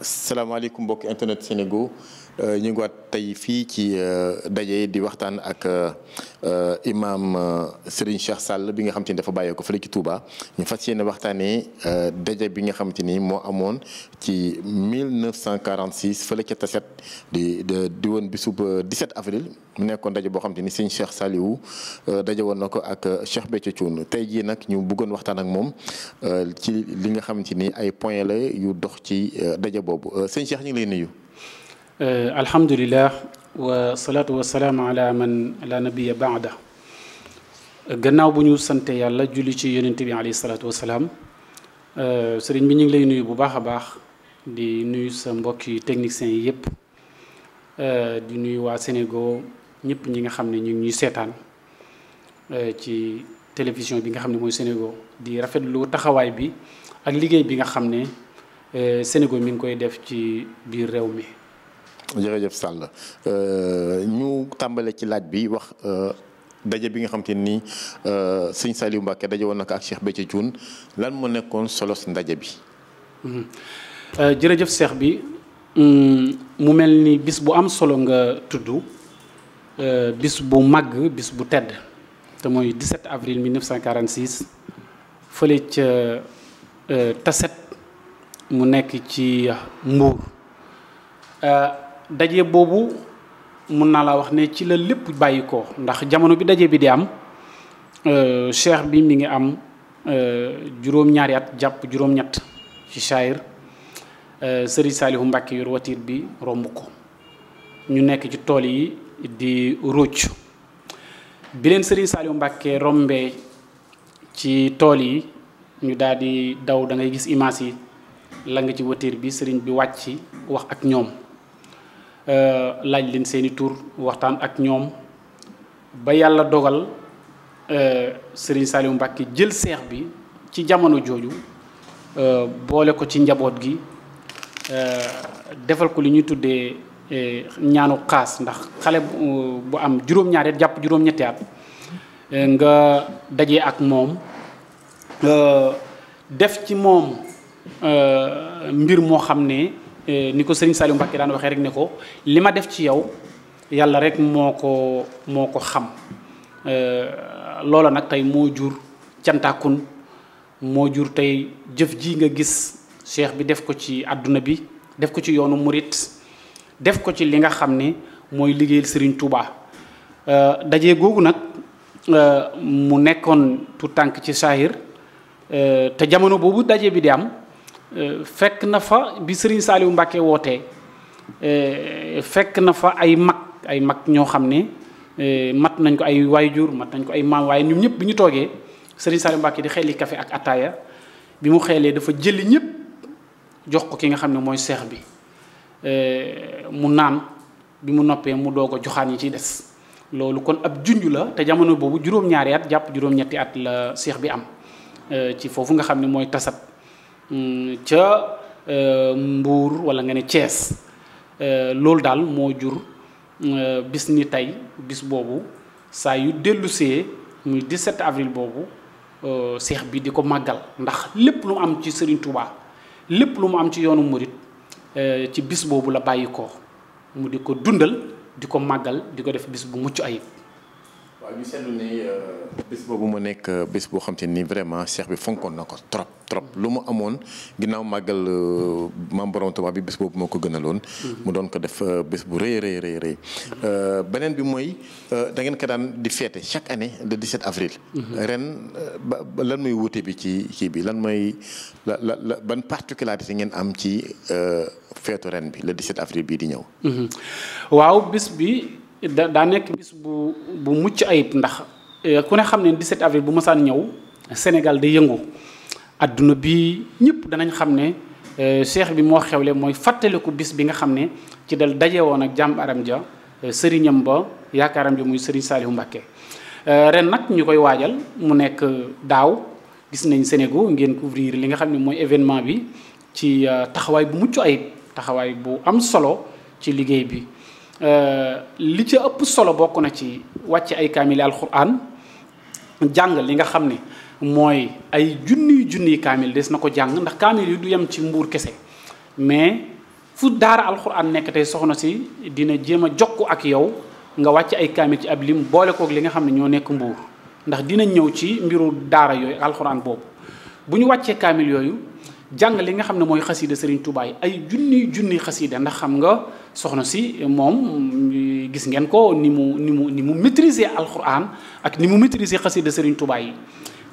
salaamaaleykum mbokki internet Sénégal euh, ñu ngi waat tey fii ci euh, daje di waxtaan ak euh, imam Serigne Cheikh Sall bi nga xam te ni dafa bàyyee ko fële ci Touba ñu fas yéene waxtaanee daje bi nga xam te ni moo amoon ci 1946 fële ca Tasset di di woon bisub 17 avril mu nekkoon daje boo xam te ni Serigne Cheikh Saliou daje woon na ko ak Cheikh Béthio Thioune tey jii nag ñu bëggoon waxtaan ak moom ci li nga xam te ni ay point la yu dox ci daje boobu euh, sëñ Cheikh ñu ngi lay nuyu. Euh, alhamdulilah wa salaatu wa salaam ala man la nabiya baada euh, gannaaw bu ñu sante yàlla julli ci yonent bi alayhi salaatu wa salaam sëriñ bi ñu ngi lay nuyu bu baax a baax di nuyu sa mbokki techniciens yi yëpp di nuyu waa Sénégal ñëpp ñi nga xam ne ñu ngi ñuy seetaan ci télévision bi nga xam ne mooy Sénégal di rafetlu taxawaay bi ak liggéey bi nga xam ne. Euh, Sénégal mi ngi koy def ci biir réew mi. jërëjëf Sall euh, ñu tàmbale ci laaj bi wax euh, daje bi nga xam te ni sëñ Saliou Mbacké daje woon na ko ak Cheikh Béthio Thioune lan moo nekkoon solos ndaje bi. Mhm. jërëjëf Cheikh bi mm, mu mel ni bis bu am solo nga tudd bis bu màgg bis bu tedd te mooy 17 avril 1946 fële ca Tasset. mu nekk ci mbuur euh, daje boobu mun naa la wax ne ci la lépp bàyyi ko ndax jamono bi daje bi di am euh, cheikh bi mi ngi am euh, juróom-ñaari jàpp juróom-ñett ci shaayir sëri saalihu mbàkke yor watiir bi romb ko ñu nekk ci tool yi di rócc bi sëri sëriñ saalihu mbàkke rombee ci tool yi ñu daal di daw da ngay gis image yi langa ci watiir bi sëriñ bi wàcc wax ak ñoom euh, laaj leen seeni tur waxtaan ak ñoom ba yàlla dogal euh, sëriñ Saliou Mbacke jël seex bi ci jamono jooju euh, boole ko ci njaboot gi defal ko li ñuy tuddee ñaanu xaas ndax xale bu am juróom-ñaari jàpp juróom-ñetti nga daje ak moom def ci moom Euh, mbir moo xam ne euh, ni ko sëriñ Saliou Mbacké daan waxee rek ne ko li ma def ci yow yàlla rek moo ko moo ko xam euh, loola nag tey moo jur cantaakun moo jur tey jëf ji nga gis cheikh bi def ko ci àdduna bi def ko ci yoonu murit def ko ci li nga xam ne mooy liggéeyal sëriñ Touba daje googu nag mu nekkoon tu tànk ci saahir te jamono boobu daje bi di am Euh, fekk na fa bi Serigne Saliou Mbacke wootee euh, fekk na fa ay mag ay mag ñoo xam ne euh, mat nañ ko ay jur mat nañ ko ay maam waaye ñoom ñëpp bi ñu toogee Serigne Saliou Mbacke di xeli kafe ak ataaya bi mu xeelee dafa jëli ñëpp jox ko ki nga xam ne mooy seex bi mu naan bi mu noppee mu doog a joxaan yi ciy des loolu kon ab junj la te jamono boobu juróom-ñaari at jàpp juróom-ñetti at la seex bi am ci foofu nga xam ne mooy tasat Mm, ca eh, Mbuur wala nga ne Thiès eh, loolu daal moo jur eh, bis ni tey bis boobu saa yu dellusee muy 17 avril boobu seex bi di ko màggal ndax lépp lu am ci Serigne Touba lépp lu mu am ci yoonu murit ci bis boobu la bàyyi ko mu di ko dundal di ko màggal di ko def bis bu mucc ayib waaw ñu seetlu ne euh, boobu mu nekk euh, bés boo xam te ni vraiment cheikh bi fonkoon na ko trop trop mm. lu mu amoon ginnaaw màggal euh, maam borom Tuubaa bi bés boobu moo ko gënaloon. Mm. mu doon ko def bés bu rëy rëy rëy rëy. Mm. beneen bi mooy da ngeen ko daan di feete chaque année le 17 avril. Mm-hmm. ren ba lan mooy wute bi ci kii bi lan mooy la la la ban particularité ngeen am ci feetu ren bi le 17 avril bii di ñëw. Mm-hmm. waaw bés bi. da daa nekk bis bu bu mucc ayib ndax eh, ku ne xam ne 17 avril bu ma masaan ñëw Sénégal day yëngu àdduna bi ñëpp danañ xam ne eh, cheikh bi moo xewle mooy fàttaliku bis bi nga xam ne ci dal daje woon ak jàmm aram ja eh, sëriñam ba yaakaaram ja muy sëriñ Saalihu Mbàkke ren nag ñu koy waajal mu nekk daaw gis nañ Sénégal ngeen couvrir li nga xam ne mooy événement bi ci taxawaay bu mucc ayib taxawaay bu am solo ci liggéey bi Euh, li ca ëpp solo bokk na ci wàcc ay kaamili alquran jàng li nga xam ne mooy ay junniy junniy kaamil des na ko jàng ndax kaamil yi du yem ci mbuur kese mais fu daara alquran nekk tey soxna si dina jéem a jokk ak yow nga wàcc ay kaamil ci ab lim boole kook li nga xam ne ñoo nekk mbuur ndax dina ñëw ci mbiru daara yooyu alxuraan boobu bu ñu wàccee kaamil yooyu jàng li nga xam ne mooy xasida Serigne Touba yi ay junni junni xasida ndax xam nga soxna si moom gis ngeen ko ni mu ni mu ni mu maîtriser alxuraan ak ni mu maîtriser xasida Serigne Touba yi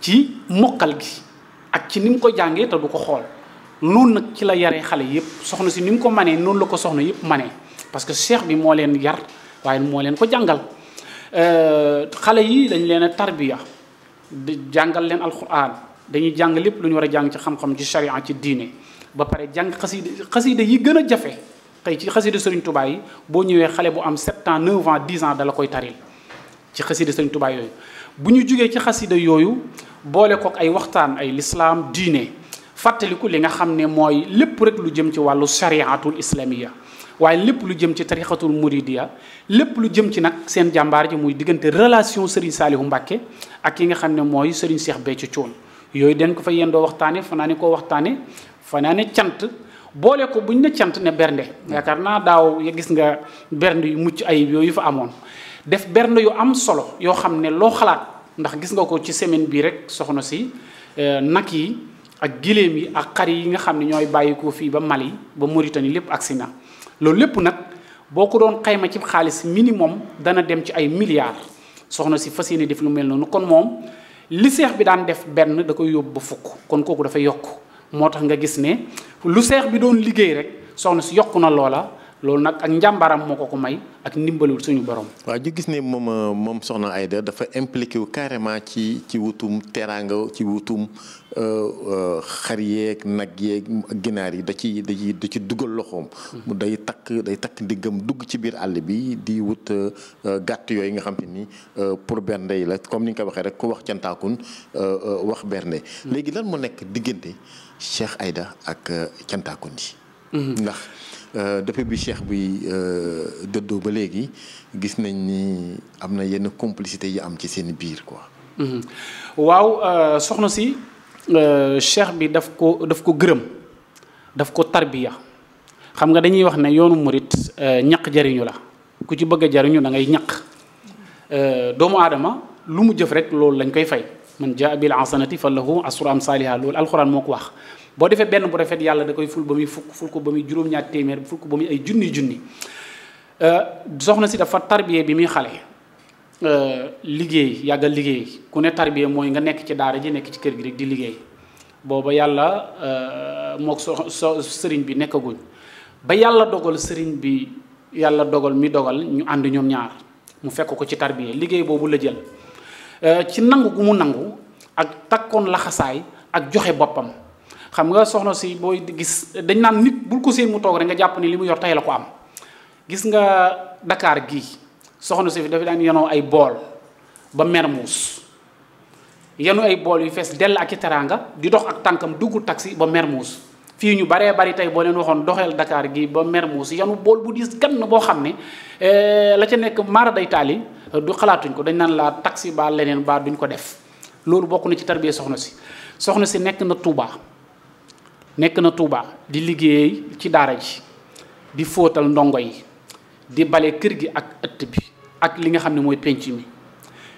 ci mokkal gi ak ci ni mu ko jàngee te du ko xool noonu nag ci la yaree xale yëpp soxna si ni mu ko manee noonu la ko soxna yëpp manee parce que cheikh bi moo leen yar waaye moo leen ko jàngal euh, xale yi dañ leen a tarbiya jàngal leen alxuraan dañuy jàng lépp lu ñu war a jàng ci xam-xam ci sharia ci diine ba pare jàng xasida xasida yi gën a jafe tey ci xasida Serigne tubaay yi boo ñëwee xale bu am 7 ans 9 ans 10 ans dala koy taril ci xasida Serigne tubaay yooyu bu ñu jugee ci xasida yooyu boole ko ay waxtaan ay lislaam diine fàttaliku li nga xam ne mooy lépp rek lu jëm ci wàllu shariatul islamiya waaye lépp lu jëm ci tarixatul muridiya lépp lu jëm ci nag seen jàmbaar ji muy diggante relation Serigne Saliou Mbacké ak yi nga xam ne mooy Serigne Cheikh Béthio Thioune yooyu den ko fa yendoo waxtaane fanaane koo waxtaane fanaane cant boole ko buñ ne cant ne bernde yaakaar naa daaw ya gis nga bernde yu mucc ayib yooyu fa amoon def bernde yu am solo yoo xam ne loo xalaat ndax gis nga ko ci semaine bii rek soxna si eh, nag yi ak giléem yi ak xar yi nga xam ne ñooy bàyyikoo fii ba Mali ba Mauritanie lépp agsi na loolu lépp nag boo ko doon xayma ci xaalis minimum dana dem ci ay milliards soxna si fas yéene def lu mel noonu li seex bi daan def benn da koy yóbbu ba fukk kon kooku dafa yokk moo tax nga gis ne lu seex bi doon liggéey rek soxna si yokk na loola loolu nag ak njàmbaram moo ko ko may ak ndimbalul suñu borom. waa ñu gis ne moom moom soxna Aida dafa impliqué wu carrément ci ci wutum teraanga ci wutum euh, euh, xar yéeg nag yeeg ginaar yi da ci da ci da ci dugal loxoom. day takk day takk ndiggam dugg ci biir àll bi di wut euh, gàtt yooyu nga xam te ni pour bernde yi la comme ni nga ko waxee rek ku wax cantaakun wax bernde. Mm. léegi lan mu nekk diggante Cheikh Aida ak cantaakun yi. Mm-hmm. Euh, depuis bi Cheikh bi euh, dëddoo ba léegi gis nañ ni am na yenn complicité yi am ci seen biir quoi. Mhm. waaw euh, soxna si Cheikh bi daf ko daf ko gërëm daf ko tarbiya xam nga dañuy wax ne yoonu murit ñaq jariñu la ku ci bëgg a jariñu da ngay ñaq doomu aadama lu mu jëf rek loolu lañ koy fay man jaa bil hasanati falahu asru am saaliha loolu alxuraan moo ko wax boo defee benn bu rafet yàlla da koy ful ba muy fukk ful ko ba muy juróom-ñaar téeméer ful ba muy ay junni junni euh, soxna si dafa tarbiye bi muy xale euh, liggéey yàgg liggéey ku ne tarbiye mooy nga nekk ci daara ji nekk ci kër gi rek di liggéey booba yàlla euh, mook so sëriñ bi nekkaguñ ba yàlla dogal sëriñ bi yàlla dogal mi dogal ñu ànd ñaar mu fekk ko ci tarbiye liggéey boobu la jël ci nangu gu mu nangu ak takkoon laxasaay ak joxe boppam xam nga soxna si booy gis dañ naan nit bul ko seen mu toog rek nga jàpp ni li mu yor tey la ko am gis nga dakaar gii soxna si fi dafa daan yenoo ay bool ba Mermoz yenu ay bool yu fees dell ak i di dox ak tànkam dugg taxi ba Mermoz fii ñu baree bari tey boo leen waxoon doxeel Dakar gi ba Mermoz yanu bool bu diis gann boo xam ne eh, la ca nekk maara day taali du xalaatuñ ko dañ naan la taxi ba leneen ba duñ ko def loolu bokk na ci tarbiya soxna si soxna si nekk na Touba. nekk na tuubaa di liggéey ci daara ji di fóotal ndongo yi di bale kër gi ak ëtt bi ak li nga xam ne mooy penc mi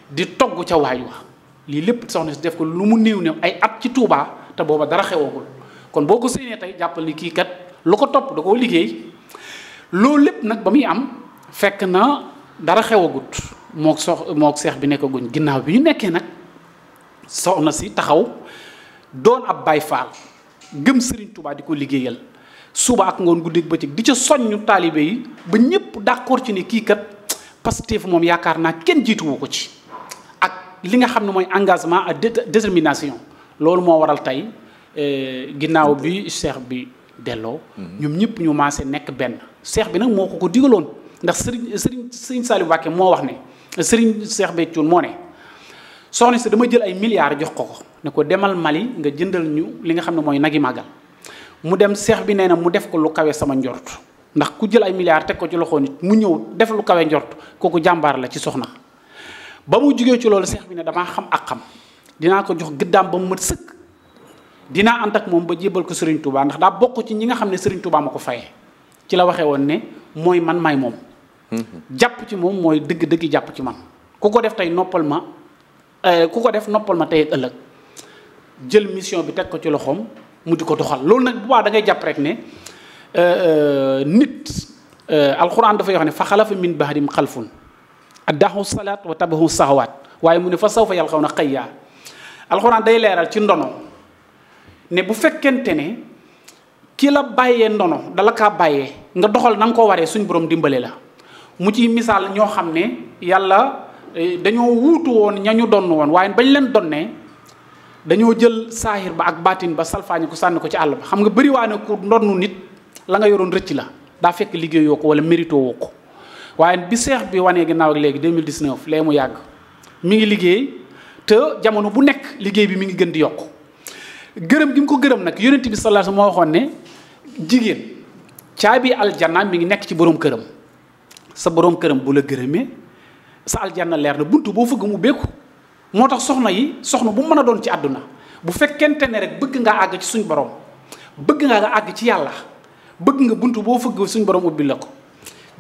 di togg ca waay wa lii lépp soxna si def ko lu mu néew ne ay at ci Touba te booba dara xewagul kon boo ko séenee tey jàppal ni kii kat lu ko topp da koo liggéey loolu lépp nag ba muy am fekk na dara xewagut mook sox mook seex bi nekkaguñ ginnaaw bi ñu nekkee nag soxna si taxaw doon ab Baay Faal gëm Serigne Touba di ko liggéeyal suba ak ngoon guddeeg bëccëg di ca soññu taalibe yi ba ñëpp d'accord ci ne kii kat Pastef moom yaakaar naa kenn jiituwu ko ci. ak li nga xam ne mooy engagement ak détermination loolu moo waral tey eh, ginnaaw bi cheikh bi delloo. Mm-hmm. ñoom ñëpp ñu maase nekk benn. cheikh bi nag moo ko ko digaloon ndax Serigne Serigne Serigne Saliou Mbacké moo wax ne Serigne seex Béthio moo ne soxna si dama jël ay milliards jox ko ko. ne ko demal Mali nga jëndal ñu li nga xam ne mooy nag nagi màggal mu dem seex bi nee na mu def ko lu kawe sama njort ndax ku jël ay milliards teg ko ci loxo nit mu ñëw def lu kawe njort kooku jàmbaar la ci soxna ba mu jugee ci loolu seex bi ne damaa xam ak xam dinaa ko jox gëddaam ba mu mët sëkk dina ànd ak moom ba jébal ko Serigne Touba ndax daa bokk ci ñi nga xam ne Serigne Touba ma ko fayee ci la waxee woon ne mooy man may moom. Mm-hmm. jàpp ci moom mooy dëgg-dëgg jàpp ci man ku ko def tey noppal ma euh, ku ko def noppal ma tey ëllëg. jël mission bi teg ko ci loxoom mu di ko doxal loolu nag bu baax da jàpp rek ne euh, euh, nit euh, alxuraan dafay wax ne fa xalafa min bahrim xalfun addaxu salaat wa tabaxu saxawaat waaye mu ne fa saw fa yàlla xaw na xëyyaa alxuraan day leeral ci ndono ne bu fekkente ne kii la bàyyee ndono dala kaa bàyyee nga doxal na nga ko waree suñ borom dimbale la mu ci misaal ñoo xam ne yàlla dañoo wuutu woon ña ñu donn woon waaye bañ leen donnee dañoo jël saahir ba ak baatin ba salfaañ ko sànni ko ci àll ba xam nga bëri waa ne ku ndonnu nit la nga yoroon rëcc la daa fekk liggéeyoo ko wala mérito woo ko waaye bi seex bi wanee ginnaaw ak léegi 2019 lee mu yàgg mi ngi liggéey te jamono bu nekk liggéey bi mi ngi gën di yokk gërëm gi mu ko gërëm nag yonent bi sallallahu alayhi moo waxoon ne jigéen caabi aljanna mi ngi nekk ci borom këram sa borom këram bu la gërëmee sa aljanna leer na buntu boo fëgg mu béeku moo tax soxna yi soxna bu mën a doon ci àdduna bu fekkente ne rek bëgg ngaa àgg ci suñ borom bëgg ngaa nga àgg ci yàlla bëgg nga bunt boo fëgg suñ borom ubbi la ko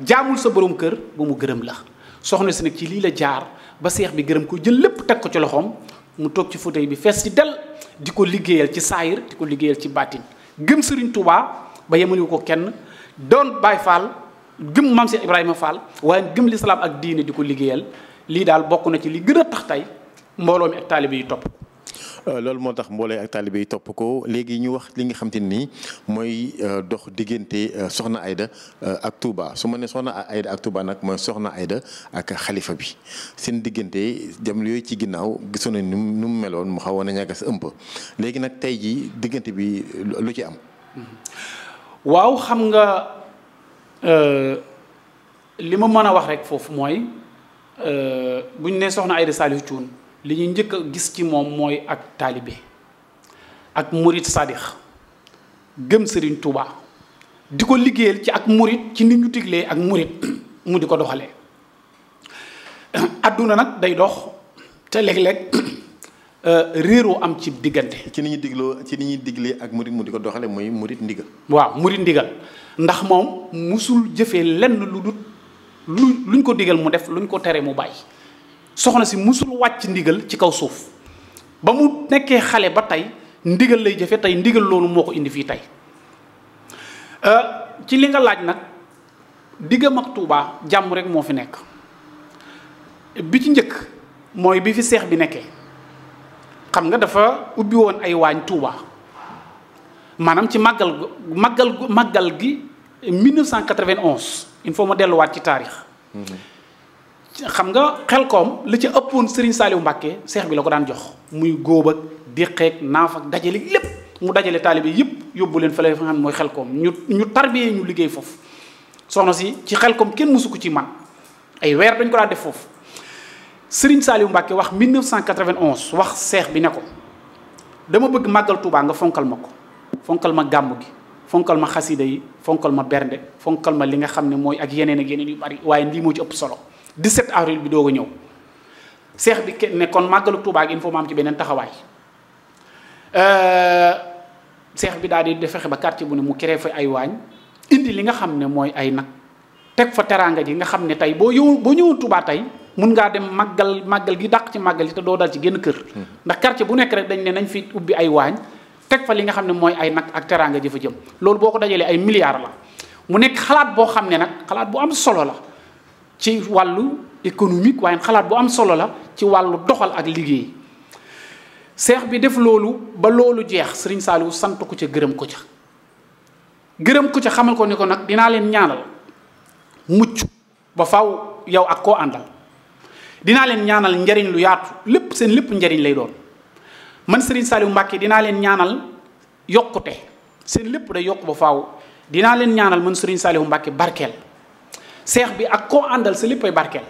jaamul sa borom kër ba mu gërëm la soxna si nag ci lii la jaar ba seex bi gërëm ko jël lépp teg ko ci loxoom mu toog ci fauteuil bi fees ci del di ko liggéeyal ci saayir di ko liggéeyal ci baatin gëm Serigne Touba ba yemaliwu ko kenn doon Baye Fall gëm Maam Ibrahima Fall waaye gëm lislaam ak diine di ko liggéeyal lii daal bokk na ci li gën a tax tey mbooloo mi ak taalibe yi topp. Euh, loolu moo tax mboolee ak taalibe yi topp ko léegi ñu wax li nga xam te nii mooy euh, dox diggante euh, Soxna ayda ak Touba su ma ne Soxna Aida ak Touba nag mooy Soxna Aida ak xalifa bi seen diggante jamono yooyu ci ginnaaw gisoon na nu mu meloon mu xawoon a ñagas ëmb léegi nag tey ji diggante bi lu ci am. Mm-hmm. waaw xam nga li ma mën a wax rek foofu mooy buñ nee Soxna Aida Saliou Thioune li ñu njëkk a gis ci moom mooy ak taalibe ak murit sadix gëm sëriñ Touba di ko liggéeyal ci ak murit ci ni ñu diglee ak murit mu di ko doxalee adduna nag day dox te léeg-léeg euh, réeroo am ci diggante. ci ni ñu digloo ci ni ñuy diglee ak murit mu di ko doxalee mooy murit ndigg waaw murit ndigal ndax moom musul jëfe lenn lu dul lu luñ ko digal mu def lu luñ ko teree mu bàyyi. soxna si musul wàcc ndigal ci kaw suuf ba mu nekkee xale ba tey ndigal lay jëfe tey ndigal loolu moo ko indi fii tey euh, ci li nga laaj nag diggam ak Tuubaa jàmm rek moo fi nekk bi ci njëkk mooy bi fi seex bi nekkee xam nga dafa ubbi woon ay waañ Tuubaa maanaam ci màggal màggal màggal gi 1991 il faut ma delluwaat ci taarix mm-hmm. xam nga xel koom li ci ëppoon Serigne Saliou Mbacke seex bi la ko daan jox muy góob ak naaf ak dajale lépp mu dajale taalibe yëpp yóbbu leen fële fa nga mooy xel koom ñu ñu tarbiyee ñu liggéey foofu. soxna si ci xel koom kenn mësu ko ci man ay weer dañ ko daan def foofu Serigne Saliou Mbacke wax 1991 wax seex bi ne ko dama bëgg màggal Touba nga fonkal ma ko fonkal ma gàmm gi. fonkal ma xasida yi fonkal ma bernde fonkal ma li nga xam ne mooy ak yeneen ak waaye lii moo ci ëpp 17 avril bi doo a ñëw seex bi ne kon màggalu Tuubaa gi il faut am ci beneen taxawaay seex euh, bi daal di fexe ba quartier bu ne mu créé fa ay waañ indi li nga xam ne mooy ay nag teg fa teraanga ji nga xam ne tey boo yow boo ñëwoon Tuubaa tey mun ngaa dem màggal màggal gi dàq ci màggal yi te doo ci génn kër. Hmm. ndax quartier bu nekk rek dañ ne nañ fi ubbi ay waañ teg fa li nga xam ne mooy ay nag ak teraanga jëfa jëm loolu boo ko dajalee ay milliards la mu nekk xalaat boo xam ne nag xalaat bu am solo la. ci wàllu économique waaye xalaat bu am solo la ci wàllu doxal ak liggéey seex bi def loolu ba loolu jeex sëriñ Saliou sant ko ca gërëm ko ca gërëm ku ca xamal ko ni ko nag dinaa leen ñaanal mucc ba faw yow ak koo àndal dinaa leen ñaanal njariñ lu yaatu lépp seen lépp njariñ lay doon man sëriñ Saliou Mbacke dinaa leen ñaanal yokkute seen lépp day yokk ba faw dinaa leen ñaanal man sëriñ Saliou Mbacke barkeel seex bi ak koo àndal sa lépp ay barkeel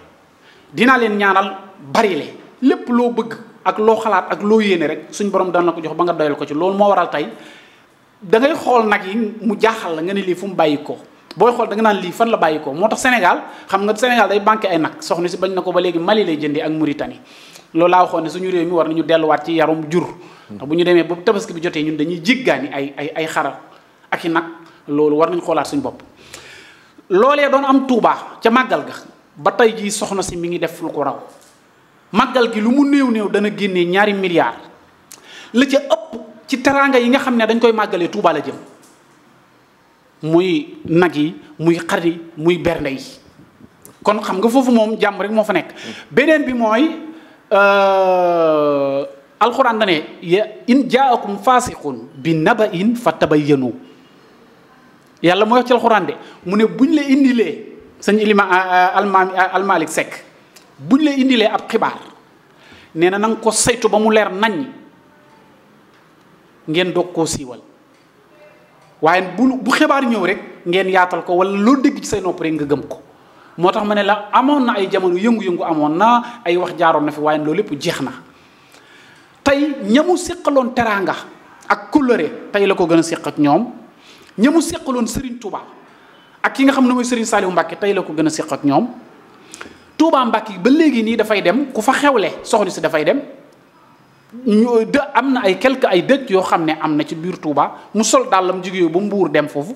dinaa leen ñaanal bari le lépp loo bëgg ak loo xalaat ak loo yéene rek suñ borom daan la ko jox ba nga doyal ko ci loolu moo waral tey da ngay xool nag yi mu jaaxal la nga ne lii fu mu bàyyi ko booy xool danga nga lii fan la bàyyi ko moo tax Sénégal xam nga Sénégal day banqué ay nag soxna si bañ na ko ba léegi Mali lay jëndee ak Mauritanie loolu laa waxoon ne suñu réew mi war nañu delluwaat ci yarum jur ndax bu ñu demee ba tabaski bi jotee ñun dañuy jéggaani ay ay ay xaral ak i nag loolu war nañu xoolaat bopp loole doon am tuubaa ca màggal ga ba tey jii soxna si mi ngi def lu ko raw màggal gi lu mu néew néew dana génne ñaari milliards la ca ëpp ci teraanga yi nga xam ne dañ koy màggalee tuubaa la jëm muy nag yi muy xari muy bernde yi kon xam nga foofu moom jàmb rek moo fa nekk beneen bi mooy euh, alxuraan dane ya in jaakum faasiqun bi naba in fa tabayyanu yàlla mooy wax de mu ne buñ la indilee sëñ ilima almaami almalik sekk buñ la indilee ab xibaar nee na na ko saytu ba mu leer nañ ngeen doog ko siiwal waaye bu bu xibaar ñëw rek ngeen yaatal ko wala loo dëgg ci say nopp rek nga gëm ko moo tax ma ne la amoon na ay jamono yëngu-yëngu amoon na ay wax jaaroon na fi waaye loolu lépp jeex na tey ñamu séqaloon teraanga ak kóllëre tey la ko gën a séq ak ñoom ña mu seqaloon Serigne Touba ak ki nga xam ne mooy Serigne Saliou Mbacke tey la ko gën a seq ak ñoom Touba Mbacke ba léegi nii dafay dem ku fa xewle soxna si dafay dem. ñu de am na ay quelque ay dëkk yoo xam ne am na ci biir Touba mu sol dàllam jigéen bu mbuur dem foofu.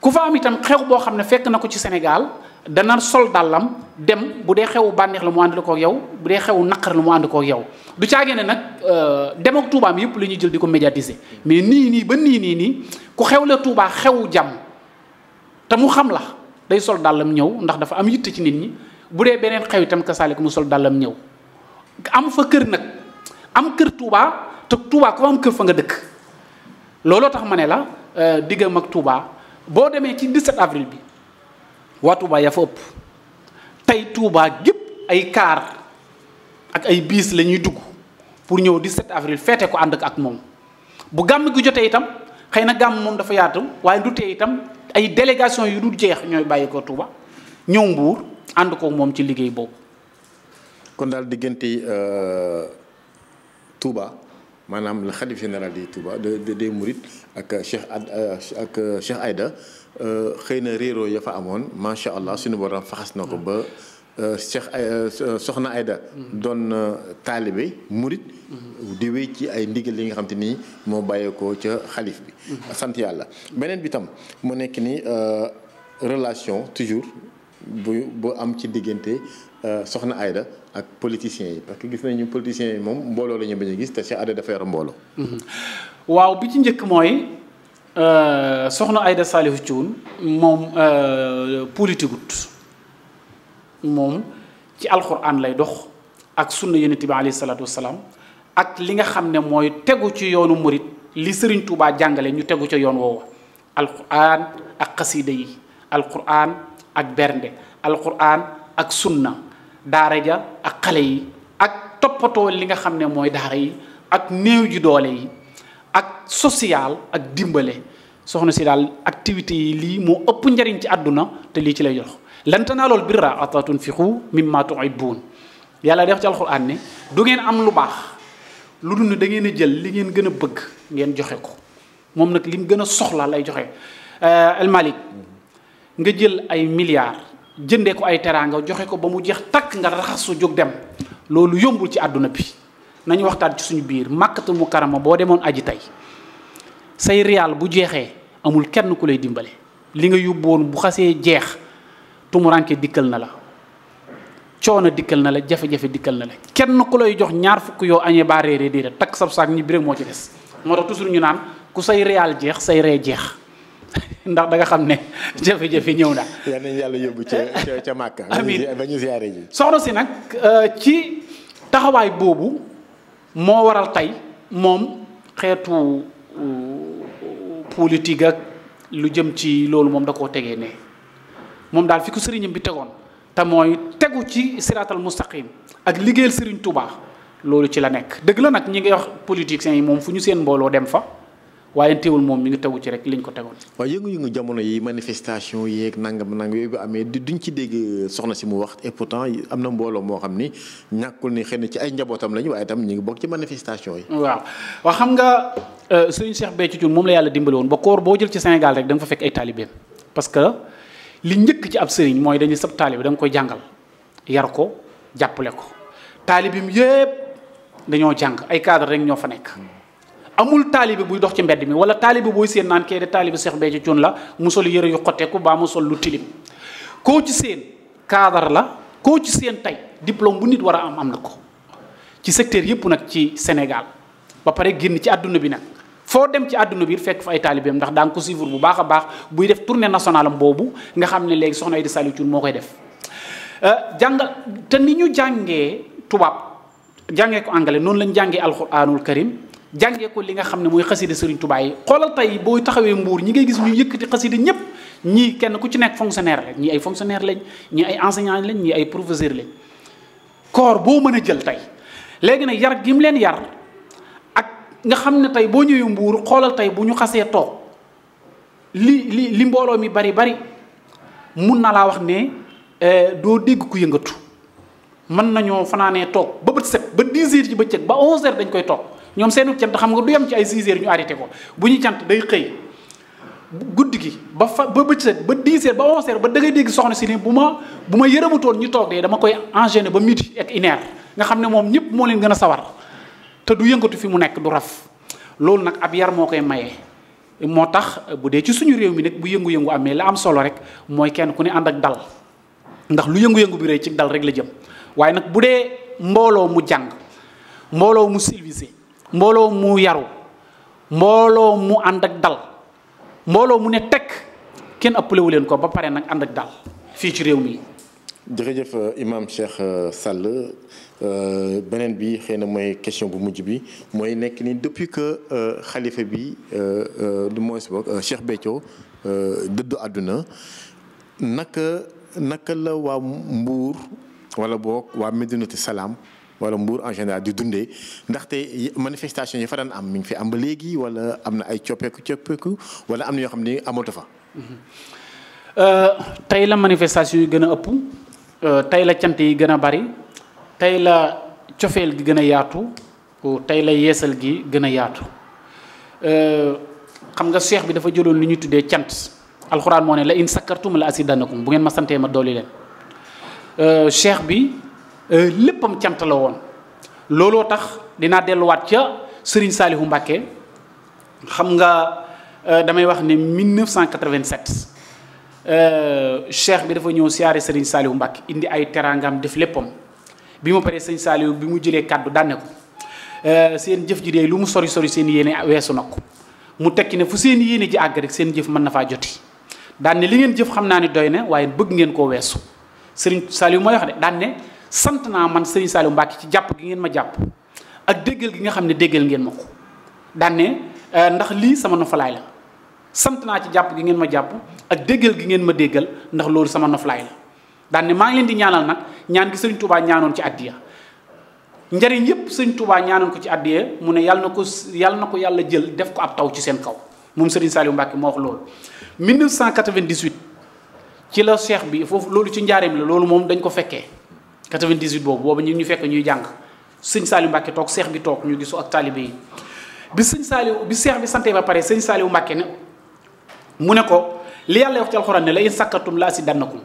ku fa am itam xew boo xam ne fekk na ko ci senegal dana sol dàllam dem bu dee xewu bànneex la mu ànd kook yow bu dee xewu naqar la mu ànd kook yow du caagee ne nag euh, dem ak Touba yëpp la ñuy jël di ko médiatiser mais nii nii ba nii nii nii ku xew la Touba xewu jàmm te mu xam la day sol dàllam ñëw ndax dafa am yitte ci nit ñi bu dee beneen xew itam kasaalik mu sol dàllam ñëw am fa kër nag am kër tuubaa te tuubaa ku fa am kër fa nga dëkk looloo tax ma ne la euh, diggam ak tuubaa boo demee ci 17 avril bi waa Touba yaa fa ëpp tey Touba gépp ay kaar ak ay biis la ñuy dugg pour ñëw 17 avril feete ko ànd ak ak moom bu gàmm gi jotee itam xëy na gàmm moom dafa yaatu waaye du tee itam ay délégation yu du jeex ñooy bàyyi ko Touba ñëw Mbuur ànd ko moom ci liggéey boobu. kon daal diggante euh, tuuba maanaam le xalif général di Touba de des Mourides ak Cheikh euh, ak Cheikh Aïda euh, xëy na réeroo ya fa amoon macha allah suñu borom faxas na ko ba euh, Cheikh soxna Aïda doon taalibe Murit. di wéy ci ay ndigal li nga xam te ni moo bàyyeekoo ca xalif bi. sant yàlla beneen bi tam mu nekk ni relation toujours bu bu am ci diggante soxna ayda ak politiciens yi parce yi moom mbooloo la ñu bañ a gis te Cheikh Adé dafa yor mbooloo. Mm-hmm. waaw bi ci njëkk mooy euh, soxna Aïda Saliou Thioune moom euh, politique gut moom ci alxuraan lay dox ak sunna yonent bi alayhi ak li nga xam ne mooy tegu ci yoonu murit li sëriñ Touba jàngale ñu tegu ca yoon woowa alxuraan ak xasiida yi alxuraan ak bernde alxuraan ak sunna daara ja ak xale yi ak toppatoo li nga xam ne mooy daara yi ak néew ji doole yi ak social ak dimbale soxna si daal activités yi lii moo ëpp njariñ ci àdduna te lii ci lay jox lan tanaalul birra hattaa tunfiqu ay tuhibbuun yàlla def ci alxuraan ne du ngeen am lu baax lu dul ne da ngeen a jël li ngeen gën a bëgg ngeen joxe ko moom nag li gën a soxla lay joxe euh, El nga jël ay milliards jëndee ko ay teraanga joxe ko ba mu jeex takk nga raxasu jóg dem loolu yombul ci àdduna bi nañu waxtaan ci suñu biir màkkatul mu karama boo demoon aji tey say riyaal bu jeexee amul kenn ku lay dimbale li nga yóbbu bu xasee jeex tumuranke dikkal na la coono dikkal na la jafe-jafe dikkal na la kenn ku lay jox ñaar fukk yoo añee baa réeree déedéet takk sab saak ñibbi rek moo ci des moo tax toujours ñu naan ku say riyaal jeex say ree jeex ndax da nga xam ne jafe-jafe ñëw na. yal yóbbu ca ca ca Màkka. amiin ba ñu si nag euh, ci taxawaay boobu moo waral tey moom xeetu politique ak lu jëm ci loolu moom da koo tegee ne moom daal fi ko sëriñam bi tegoon te mooy tegu ci siraatal mustaqim ak liggéeyal sëriñ tubaa loolu ci la nekk. dëgg la nag ñi ngi wax politiciens yi moom fu ñu seen mbooloo dem fa. waaye teewul moom mi ngi tegu ci rek liñ ko tegoon. waa yëngu-yëngu jamono yi manifestation yeeg nangam nangam yooyu bu amee duñ ci dégg euh, soxna si mu wax et pourtant am na mbooloo moo xam ni ñàkkul ni xëy na ci ay njabootam lañu waaye tam ñu ngi bokk ci manifestation yi. waaw waaw xam nga euh, sëñ Cheikh Béthio Thioune moom la yàlla dimbali woon ba koor boo jël ci Sénégal rek da nga fa fekk ay taalibeem parce que li njëkk ci ab sëriñ mooy dañuy sab taalibe da nga koy jàngal yar ko jàppale ko taalibeem yépp dañoo jàng ay cadre rek ñoo fa nekk amul taalibe buy dox ci mbedd mi wala taalibe booy seen naan kee de taalibe Cheikh Béthio Thioune la mu sol yëre yu xotteeku baa mu sol lu tilim koo ci seen cadre la koo ci seen tey diplôme bu nit war a am am na ko ci secteur yëpp nag ci Sénégal ba pare génn ci àdduna bi nag foo dem ci àdduna bi fekk fa ay taalibeem ndax daa nga ko suivre bu baax a baax buy def tournée nationale am boobu nga xam ne léegi soxna di Saliou Thioune moo koy def euh, jàngal te ni ñu jàngee tubaab jàngee ko anglais noonu lañ jàngee alxuraanul karim jàngee ko li nga xam ne mooy xasida Serigne Touba yi xoolal tey booy taxawee mbuur ñi ngay gis ñu yëkkati xasida ñëpp ñi kenn ku ci nekk fonctionnaire lañ ñii ay fonctionnaire lañ ñii ay enseignant lañ ñii ay professeur lañ koor boo mën a jël tey léegi nag yar gi mu leen yar ak nga xam ne tey boo ñëwee mbuur xoolal tey bu ñu xasee toog li li li mbooloo mi bari bari mun na laa wax ne eh, doo dégg ku yëngatu mën nañoo fanaanee toog ba bët set ba 10 heures ci bëccëg ba 11 dañ koy toog ñoom seenu cant xam nga du yem ci ay 6 heures ñu arrêté ko bu ñu cant day xëy guddi gi ba fa ba bëccëg ba 10 ba 11 ba dangay dégg soxna si ne bu ma bu ma yërëmutoon ñu toog dee dama koy enchaîner ba midi ak une heure nga xam ne moom ñëpp moo leen gën a sawar te du yëngatu fi mu nekk du raf loolu nag ab yar moo koy maye. moo tax bu dee ci suñu réew mi nag bu yëngu-yëngu amee la am solo rek mooy kenn ku ne ànd ak dal ndax lu yëngu-yëngu bi rëy ci dal rek la jëm waaye nag bu dee mbooloo mu jàng mbooloo mu civilisé mbooloo mu yaru mbooloo mu ànd ak dal mbooloo mu ne tekk kenn ëppalewu leen ko ba pare nag ànd ak dal fii ci réew mi. jërëjëf euh, imam Cheikh euh, Sall euh, beneen bi xëy na mooy question bu mujj bi mooy nekk ni depuis que xalifa bi du moins boog Cheikh Béthio dëddu àdduna naka naka la waa Mbuur wala boog waa Medinatu Salaam. wala Mbour en général di dunde ndaxte manifestation yi fa daan am mi ngi fi am ba léegi wala am na ay coppeeku coppeeku wala am na yoo xam ne amatu fa. Euh, tey la manifestation yi gën a ëpp euh, tey la cant yi gën a bari tey la cofeel gi gën a yaatu tey la yeesal gi gën a yaatu euh, xam nga seex bi dafa jëloon lu ñuy tuddee cant alxuraan moo ne la in sakkartum la asidannakum bu ngeen ma santee ma dolli leen seex bi. Euh, léppam cant la woon looloo tax dinaa delluwaat ca Serigne Saliou Mbacké xam nga euh, damay wax ne 1987 euh, cheikh bi dafa ñëw siyaare Serigne Saliou Mbacké indi ay teraangam def léppam bi mu paree Serigne Saliou bi mu jëlee kàddu daane ko seen jëf ji dee lu mu sori sori seen yéene weesu na ko mu tekki ne fu seen yéene ji àgg rek seen jëf mën na faa joti daan ne li ngeen jëf xam naa ni doy na waaye bëgg ngeen koo weesu Serigne Saliou mooy wax de daan sant naa man Serigne Saliou Mbacke ci jàpp gi ngeen ma jàpp ak déggal gi nga xam ne déggal ngeen ma ko dane euh, ndax lii sama noflaay la sant naa ci jàpp gi ngeen ma jàpp ak déggal gi ngeen ma déggal ndax loolu sama noflaay la daan maa ngi leen di ñaanal nag ñaan gi Serigne Touba ñaanoon ci addiya njariñ yépp Serigne Touba ñaanoon ko ci addiya mu ne yàlla na ko yàlla na ko yàlla jël def ko ab taw ci seen kaw moom Serigne Saliou Mbacke moo wax loolu 1998 ci la cheikh bi foofu loolu ci njaareem la loolu moom dañ ko fekkee 98 boobu boobu ñu ñu fekk ñuy jàng sëñ Saliou Mbacke toog seex bi toog ñu gisu ak taalibe yi bi sëñ Saliou bi seex bi santee ba pare sëñ Saliou Mbacke ne mu ne ko li yàlla wax ci alxuraan ne la in sakkatum la azidannakum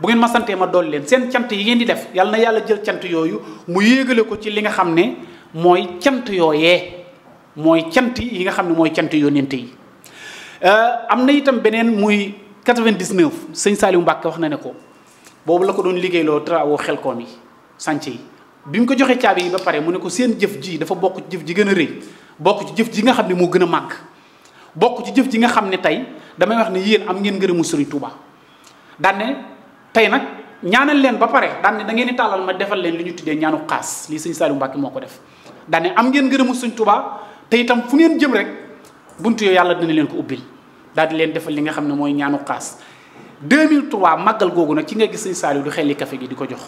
bu ngeen ma santee ma dool leen seen cant yi ngeen di def yàlla na jël cant yooyu mu yéegale ko ci li nga xam ne mooy cant yooyee mooy cant yi nga xam ne mooy cant yoon yónnent yi euh, am na itam beneen muy 99 sëñ Saliou Mbacke wax na ne ko boobu la ko doon liggéeyloo xel xelkoom yi sànc yi bi mu ko joxee caabi yi ba pare mu ne ko seen jëf ji dafa bokk ci jëf ji gën a rëy bokk ci jëf ji nga xam ne moo gën a màgg bokk ci jëf ji nga xam ne tey damay wax ne yéen am ngeen ngërëmu Sëriñ Tuuba daan tey nag ñaanal leen ba pare daan ne da ngeen di tàllal ma defal leen li ñu tuddee ñaanu xaas lii siñ Saliou Mbacke moo ko def daan ne am ngeen ngërëmu Sëriñ Tuuba te itam fu ngeen jëm rek buntu yooyu yàlla dina leen ko ubbil daal di leen defal li nga xam ne mooy ñaanu xaas 2003 màggal googu nag ci nga gis sëñ Saliou du xelli café gi di ko jox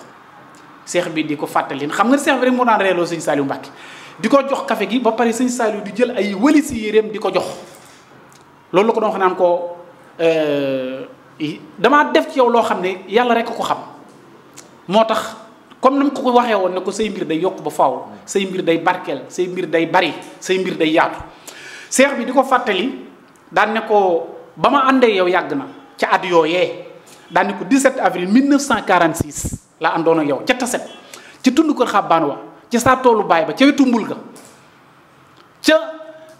seex bi di ko fàttalin xam nga moo daan reeloo sëñ Saliou Mbacke di ko jox café gi ba pare sëñ Saliou di jël ay wëlis yéreem di ko jox loolu la ko doon naan ko euh, damaa def ci yow loo xam ne yàlla rek ko xam moo tax comme nam ko ko waxee woon ne ko say mbir day yokk ba faaw say mbir day barkeel say mbir day bari say mbir day yaatu seex bi di ko fàttali daan ne ko ba ma àndee yow yàgg na ca at yooyee daal ni ko 17 avril 1946 la àndoon a yow ca taset ci tund ko xabbaan wa ca saa toolu baay ba ca wetu mbul ga ca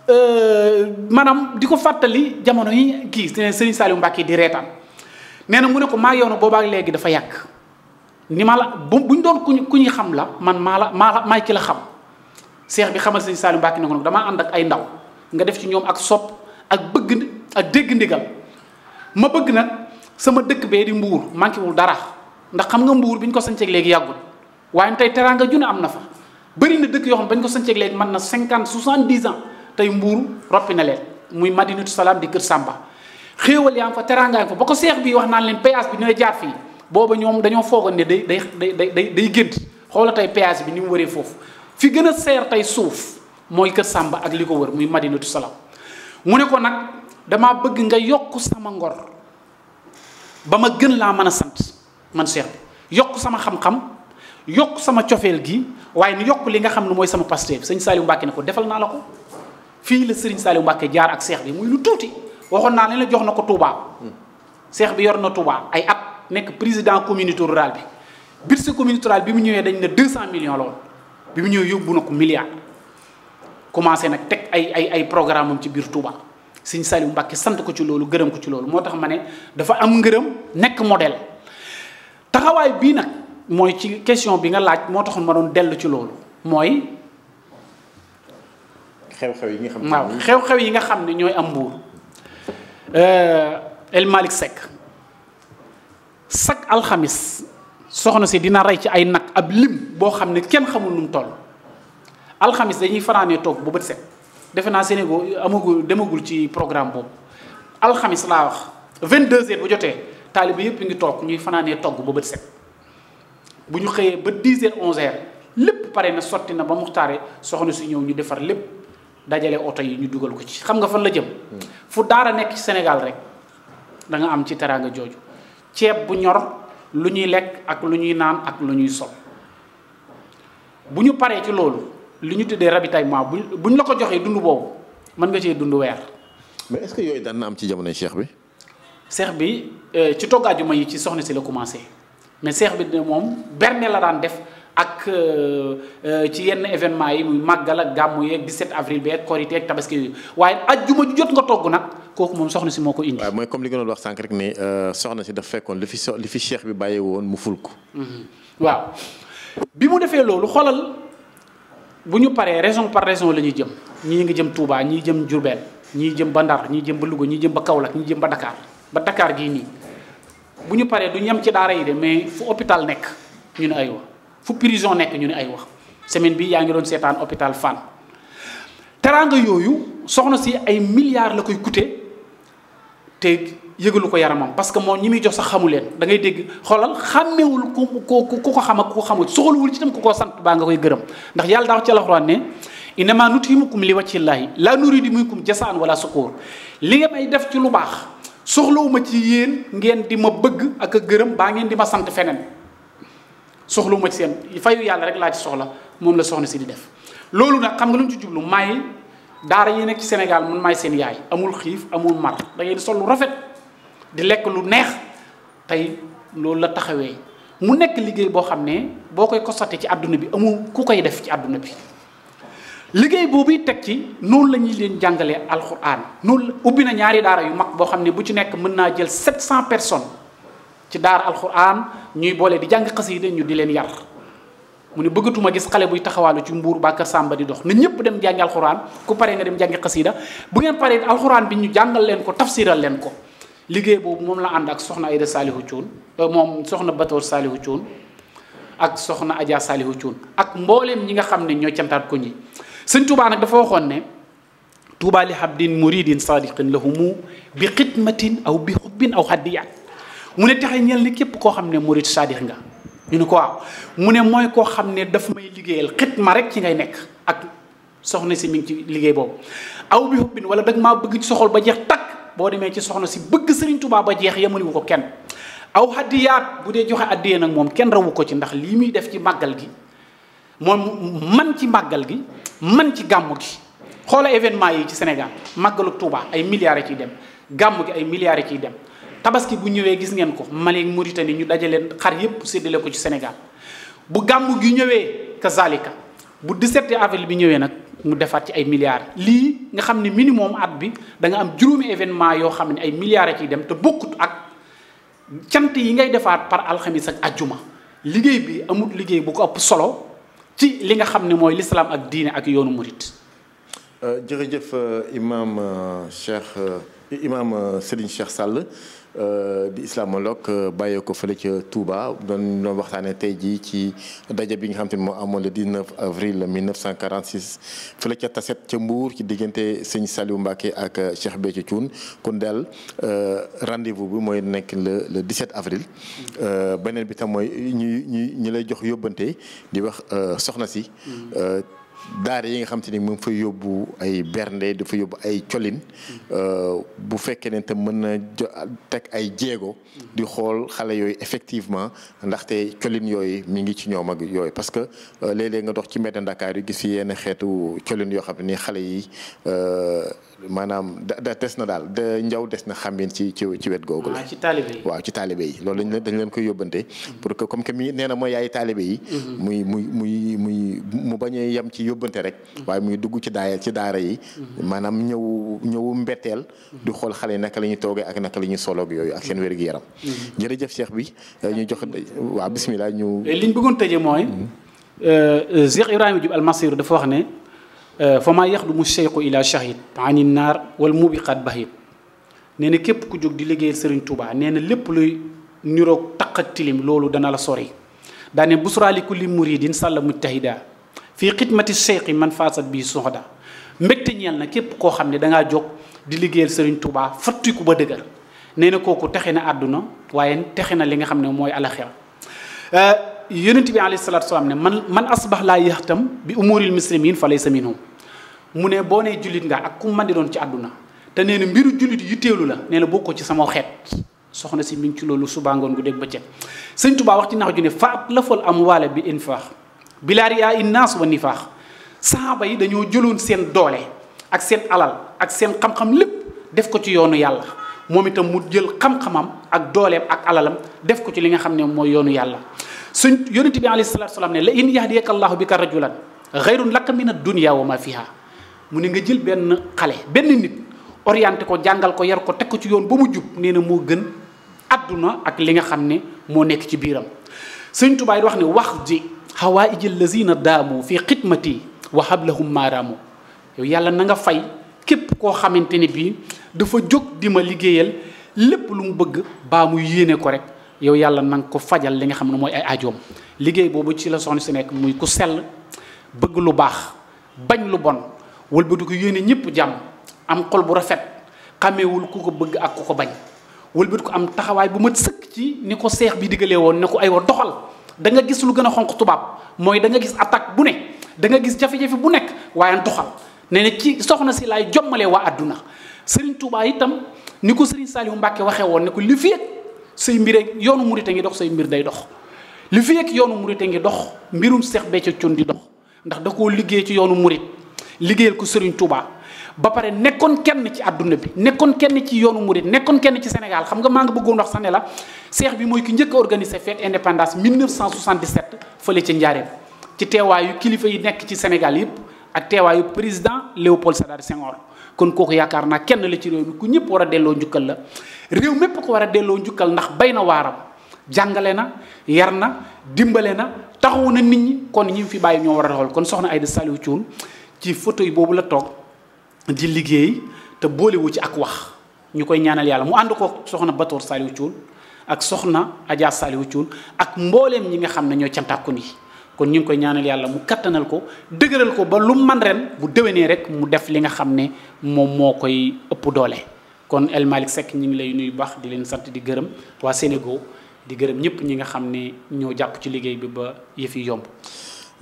euh, maanaam di ko fàttali jamono yi kii Serigne Saliou Mbacké di reetaan nee na mu ne ko maa yow na boobaak léegi dafa yàq ni ma la bu buñ doon ku ku ñuy xam la man maa la maa la maa ki la xam seex bi xamal Serigne Saliou Mbacké ne ko nag damaa ànd ak ay ndaw nga def ci ñoom ak sot ak bëgg ak dégg ndigal ma bëgg nag sama dëkk bee di mbuur manqué wul dara ndax xam nga mbuur bi ñu ko sañceeg léegi yàggul waaye tey teraanga ne am na fa bëri na dëkk yoo xam ne ba ñu ko sañceeg léegi man na cinquante soixante-dix ans tey mbuur roppi na leen muy madinatu salaam di kër sàmba xéewal yaa ngi fa teraanga yaa fa ba ko seex bi wax naa leen péage bi dina jaar fii booba ñoom dañoo foogoon ne day day day day day gént xoola tey péage bi ni mu waree foofu fi gën a seer tey suuf mooy kër sàmba ak li ko wër muy madinatu salaam damaa bëgg nga yokk sama ngor ba ma gën laa mën a sant man seex bi yokk sama xam-xam yokk sama cofeel gi waaye nu yokk li nga xam ne mooy sama pasteur sëñ Saliou Mbacke ne ko defal naa la ko fii la sëriñ Saliou Mbacke jaar ak seex bi muy lu tuuti waxoon naa ne la jox na ko Touba seex bi yor na Touba ay at nekk président communauté rural bi biir si communauté rurale bi mu ñëwee dañ ne 200 millions lool bi mu ñëwee yóbbu na ko milliard commencé nag teg ay ay ay programme am ci biir Touba. sëñ Saliou Mbacke sant ko ci loolu gërëm ko ci loolu moo tax ma ne dafa am ngërëm nekk modèle taxawaay bii nag mooy ci question bi nga laaj moo taxoon ma doon dellu ci loolu mooy. xew-xew yi nga xam ne xew-xew yi nga xam ne ñooy am mbuur euh, El Malick Seck chaque alxamis soxna si dina rey ci ay nag ab lim boo xam ne kenn xamul nu mu toll alxamis dañuy fanaanee toog bu bët set. defe naa Sénégal amagul demagul ci programme boobu alxamis laa wax 22h bu jotee taaliba yëpp ngi toog ñuy fanaanee togg ba bët set bu ñu xëyee bët 10h 11h lépp pare na sotti na ba muxtaare soxna si ñëw ñu defar lépp dajale oto yi ñu dugal ko ci xam nga fan la jëm. Hmm. fu daara nekk ci Sénégal rek da nga am ci teraanga jooju ceeb bu ñor lu ñuy lekk ak lu ñuy naan ak lu ñuy sol bu ñu paree ci loolu. li ñu tuddee ravitaillement buñ buñ la ko joxee dund boobu mën nga cee dund weer. mais est-ce que yooyu daan am ci jamonoy seex bi. seex bi euh, ci toggaajuma yi ci soxna si la commencé mais seex bi ne moom berne la daan def ak euh, euh, ci yenn événement yi muy màggal ak gàmmu yeeg 17 avril beeg korite ak tabaski yooyu waaye ajjuma ju jot nga togg nag kooku moom soxna si moo ko indi. waaw mooy comme li nga doon wax sànq rek ne soxna si daf fekkoon li fi fi seex bi bàyyee woon mu ful ko. Mhm. bu ñu paree raison par raison la ñuy jëm ñii ngi jëm tuubaa ñii jëm Diourbel ñii jëm ba Ndar ñii jëm ba Louga ñii jëm ba kawlak ñii jëm ba Dakar ba dakaar gii nii bu ñu paree du ñem ci daara yi de mais fu hôpital nekk ñu ne ay wax fu prison nekk ñu ne ay wax semaine bi yaa ngi doon seetaan hôpital Fann teraanga yooyu soxna si ay milliards la koy coûter te yëgalu ko yaramam parce moom ñi muy jox sax xamu leen da ngay dégg xoolal xàmmewul ku ku ku ko xam ak ku ko xamul soxlawul ci tam ku ko sant baa nga koy gërëm ndax yàlla daa wax ci alxuraan ne innama nutimukum li wajhillaahi laa nuriidu minkum jasaan wala sukuur li nga may def ci lu baax soxlawuma ci yéen ngeen di ma bëgg ak gërëm baa ngeen di ma sant feneen soxlawuma ci seen fayu yàlla rek laa ci soxla moom la soxna si di def loolu nag xam nga lu ñu ci jublu maay daara yi ci Sénégal mun may seen yaay amul xiif amul mar da ngeen sol lu rafet di lekk lu neex tey loolu la taxawee mu nekk liggéey boo xam ne boo koy constaté ci àdduna bi amul ku koy def ci àdduna bi liggéey boobu teg ci noonu la ñuy leen jàngalee alxuraan noonu la ubbi na ñaari daara yu mag boo xam ne bu ci nekk mën naa jël 700 personnes ci daara alxuraan ñuy boole di jàng xasida ñu di leen yar mu ne bëggatuma gis xale buy taxawaalu ci mbuur ba kër Samba di dox na ñëpp dem jàngi alxuraan ku pare nga dem jàngi xasida bu ngeen paree alxuraan bi ñu jàngal leen ko tafsiral leen ko liggéey boobu moom la ànd ak soxna Aida Salihu Thioune euh, moom soxna Batoor Salihu Thioune ak soxna Adja Salihu Thioune ak mbooleem ñi nga xam ne ñoo cantaat ko ñi sañ Touba nag dafa waxoon ne Touba li habdin muridin sadiqin lahumu bi xidmatin aw bi xubbin aw haddiyaat mu ne texe ñel ni képp koo xam ne murid sadiq nga ñu ne ko waaw mu ne mooy koo xam ne dafa may liggéeyal xidma rek ci ngay nekk ak soxna si mi ci liggéey boobu aw bi xubbin wala dag maa bëgg ci ba jeex boo demee ci soxna si bëgg sëriñ Tuubaa ba jeex yemaliwu ko kenn aw hadiyaat bu dee joxe addiyee nag moom kenn rawu ko ci ndax lii muy def ci màggal gi moom man ci màggal gi man ci gàmmu gi xoola événement yi ci Sénégal màggalu Touba ay milliards ciy dem gàmmu gi ay milliards ciy dem tabaski bu ñëwee gis ngeen ko Mali ak Mauritanie ñu dajaleen xar yépp séddale ko ci Sénégal bu gàmmu gi ñëwee kazalika bu 17 avril bi ñëwee nag mu defaat ci ay milliards lii nga xam ne minimum at bi danga am juróomi événement yoo xam ne ay milliards a ciy dem te bokkut ak cant yi ngay defaat par alxamis ak ajjuma liggéey bi amut liggéey bu ko ëpp solo ci li nga xam ne mooy lislaam ak diine ak yoonu murit euh, jërëjëf euh, imaam euh, Cheikh imaam Serigne Cheikh Sall Euh, di islamologue euh, bàyyee ko fële ca Touba doon doon waxtaanee tey jii ci daje bi nga xam te ne moo amoon le 19 avril 1946 fële ca Tasset ca Mbour ci diggante sëñ Saliou Mbacké ak euh, Cheikh Béthio Thioune kon daal rendez-vous bi mooy nekk le le 17 avril. beneen bi tam mooy ñu ñu ñu lay jox yóbbante di wax soxna si. Mm. daara yi nga xam te ni mu ngi fay yóbbu ay bernde dafa yóbbu ay colin euh, bu fekkee ne te mën na teg ay jéego di xool xale yooyu effectivement ndaxte colin yooyu mi ngi ci ñoom ak yooyu parce que euh, léeg nga dox ci mbedd Ndakaar yi gis yenn xeetu colin yoo xam ne ni xale yi euh, maanaam da des na daal de njaw des na xambin ci ci ci wet googu la. Ah, ci taalibe waaw ci taalibe yi loolu dañu leen dañ leen koy yóbbante. Mhm. pour que comme que mi nee na mooy yaay taalibe yi. Mhm. muy muy muy muy mu bañ a yem ci yóbbante rek. Mhm. waaye muy dugg ci daaya ci daara yi. maanaam ñëw ñëwu mbetteel. di xool xale yi naka la ñuy toogee ak naka la ñuy soloog yooyu ak seen wér gu yaram. jërëjëf Cheikh bi euh, ñu jox waaw bisimilah ñu. Euh, liñ bëggoon tëjee mooy. Euh, Cheikh Ibrahima Diouf Al Massirou dafa wax ne. Euh, fa maa yaxdumu cheyqu ila shahid ani naar wal mubiqaat bahit nee na képp ku jóg di liggéeyal sëriñ Touba nee na lépp luy niroog taq ak tilim loolu dana la sori daane busraali kulli muridin sàlla mujtahida fii xidmati cheyqi man faasat bii soxda mbégte ñeel na képp koo xam ne dangaa jóg di liggéeyal sëriñ Touba fattiku ba dëgër nee na kooku texe na àdduna waaye texe na li nga xam ne mooy alaxira euh, yonent bi alayhi salaatu salaam ne man man asbax laa yaxtam bi umuril muslimin fa laysa minhum mu ne boo nee jullit nga ak ku man di doon ci àdduna te nee na mbiru jullit yu teelu la neena bokkoo ci sama xet soxna si min ci loolu suba ngoon gu dégg bëccëg sëñ Tuubaa wax ci nax ju ne faat lafal am waale bi infaax bilaa riyaa innaas wa nifaax saxaaba yi dañoo jëloon seen doole ak seen alal ak seen xam-xam lépp def ko ci yoonu yàlla moom itam mu jël xam ak dooleem ak alalam def ko ci li nga xam ne mooy yoonu yàlla suñ yonente bi alayhi salaatu salaam ne la in yahdiyaka allahu bika rajulan xayrun laka min ad-dunya wa ma mu ni nga jël benn xale benn nit orienté ko jàngal ko yar ko teg ko ci yoon ba mu jub nee na moo gën àdduna ak li nga xam ne moo nekk ci biiram suñ tubaay wax ne wax ji hawaaiji lazina daamu fi xidmati wa hablahum maaraamu yow yàlla na nga fay képp koo xamante ne bii dafa jóg di ma liggéeyal lépp lu mu bëgg baa mu yéene ko rek yow yàlla na nga ko fajal li nga xam ne mooy ay ajoom liggéey boobu ci la soxna si nekk muy ku sell bëgg lu baax bañ lu bon wëlbatu ko yéene ñëpp jàmm am xol bu rafet xàmmeewul ku ko bëgg ak ku ko bañ wëlbatu ko am taxawaay bu mat sëkk ci ni ko seex bi digalee woon ne ko ay wa doxal danga gis lu gën a xonq tubaab mooy da nga gis attaque bu ne da nga gis jafe-jafe bu nekk waaye doxal ne ne ci soxna si laay jommalee waa àdduna Serigne tuubaay itam ni ko Serigne Saliou Mbacke waxee woon ne ko li fi say mbir yoonu murit a ngi dox say mbir day dox li fi ak yoonu murit a ngi dox mbirum Seex Béthio Thioune di dox ndax da koo liggéey ci yoonu murit liggéeyal ko Serigne Touba ba pare nekkoon kenn ci àdduna bi nekkoon kenn ci yoonu murit nekkoon kenn ci Sénégal xam nga maa ngi bëggoon wax sax la seex bi mooy ki njëkk a organisé fête indépendance 1977 fële ca Njaareem ci teewaayu kilifa yi nekk ci Sénégal yëpp ak teewaayu président Léopold Sédar Senghor kon kooku yaakaar naa kenn la ci réew mi ku ñëpp war a delloo njukkal la réew mépp ko war a delloo njukkal ndax bay na waaram jàngale na yar na dimbale na taxawu na nit ñi kon ñi fi bàyyi ñoo war a doxal kon soxna Aïda Saliou Thioune ci fauteuil boobu la toog di liggéey te boolewu ci ak wax ñu koy ñaanal yàlla mu ànd ko soxna Batoor Saliou Thioune ak soxna Adja Saliou Thioune ak mbooleem ñi nga xam ne ñoo cantakun yi kon ñu koy ñaanal yàlla mu kattanal ko dëgëral ko ba lu man ren bu déwénee rek mu def li nga xam ne moom moo koy ëpp doole kon El sekk Seck ñu ngi lay nuyu baax di leen sant di gërëm waa Sénégal di gërëm ñëpp ñi nga xam ni ñoo jàpp ci liggéey bi ba yëf yi yomb.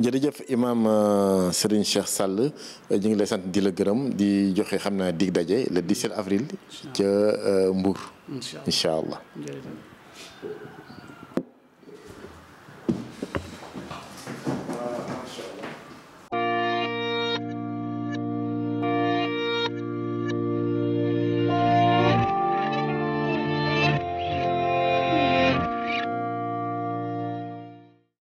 jërëjëf imaam euh, Serigne Cheikh Sall euh, ñu ngi lay sant di la gërëm di joxe xam naa dig daje le 17 avril. ca euh, Mbour. incha allah.